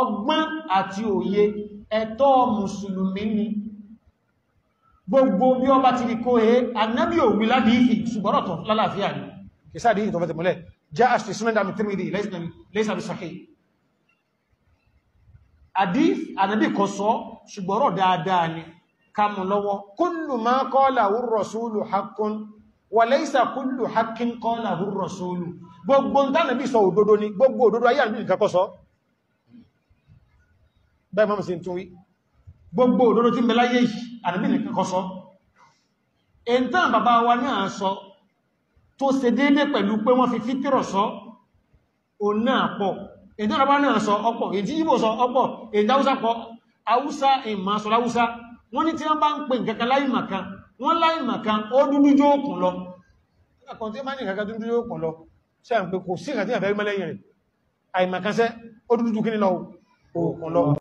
ọgbọ́n àti òye ẹ̀tọ́ mùsùlùmí ni gbogbo bí ọba ti rí kó e anábí òwú ládìíhì ṣùgbọ́n ọ̀tọ̀ lálàáfíà ni ìsáàdì ìtọ̀ fẹ́ tẹ̀mọ́lẹ̀ já àṣì súnmẹ́dà mi tírìdì lẹ́sàbí sàkè àdí ànábì kọ sọ ṣùgbọ́n dáadáa ni kàmù lọ́wọ́ kullu ma qala gbogbo ń sọ òdodo ni gbogbo òdodo ayé ànábì nìkan bẹ́ẹ̀ mọ́mù sí tún wí gbogbo òdodo tí mẹ́láyé ànábì nìkan kọ́ sọ ẹ̀ntàn bàbá wa náà sọ tó ṣe déédé pẹ̀lú pé wọ́n fi fítírọ̀ sọ òun náà pọ̀ ẹ̀ntàn bàbá náà sọ ọ̀pọ̀ èdí Ìgbò sọ ọ̀pọ̀ èdí haúsá pọ̀ haúsá ìmọ̀ sọ láwúsá wọ́n ní tí wọ́n bá ń pè nǹkan kan láì màkan wọ́n láì màkan ó dúdú jókùn lọ ẹ̀kọ́ tí ó máa ní nǹkan kan dúdú jókùn lọ ṣe à ń pè kò sí ìkàtí àfẹ́